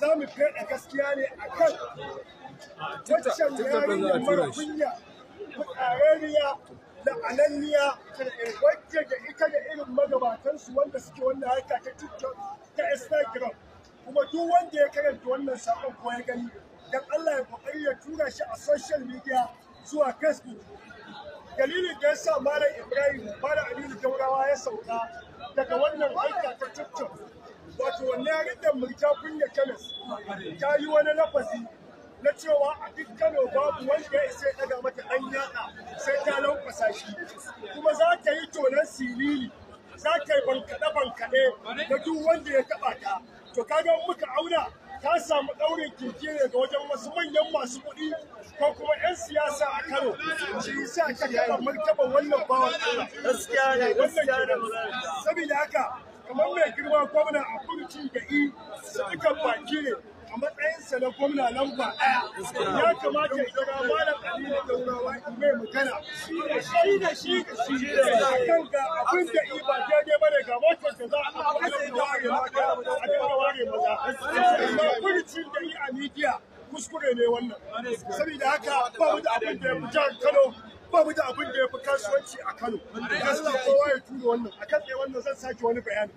za mu fada gaskiya ne a kan waccan yarinya mara kunya fitsarariya la'ananniya wacce da ita da irin magabatansu wanda suke wannan harka ta tiktok ta instagram kuma duk wanda ya karanta wannan saƙon ko ya gani dan Allah ya kokari ya tura shi a social media zuwa facebook dalilin da ya sa malam ibrahim malam aminu gaurawa ya sauka daga wannan harka ta tiktok wannan da murja kunya kemis ta yi wani lafazi na cewa a duk kano babu wanda ya sai daga mata ɗan yaɗa sai ta lankwasa shi kuma za ta yi tonan silili za ta yi bankaɗe-bankaɗe da duk wanda ya taɓa ta to kaga muka auna ta samu ɗaurin keke ne ga wajen wasu manyan masu kuɗi ko kuma 'yan siyasa a Kano shi sa ta kafa martaba wannan bawan Allah gaskiya ne gaskiya ne saboda haka kamar mai girma gwamna a furci da i suka baki ne a matsayinsa na gwamna lamba ɗaya ya kamata ya kira malam ali da mai magana shi da shi da shi da a kan ga abin da i ba daidai ba ne ga da za a haɗa a dinga ware maza amma da i a midiya kuskure ne wannan saboda haka ba abin da ya fi kano ba abin da ya fi kasuwanci a kano kowa ya tura wannan kan ɗaya wannan zan sake wani bayani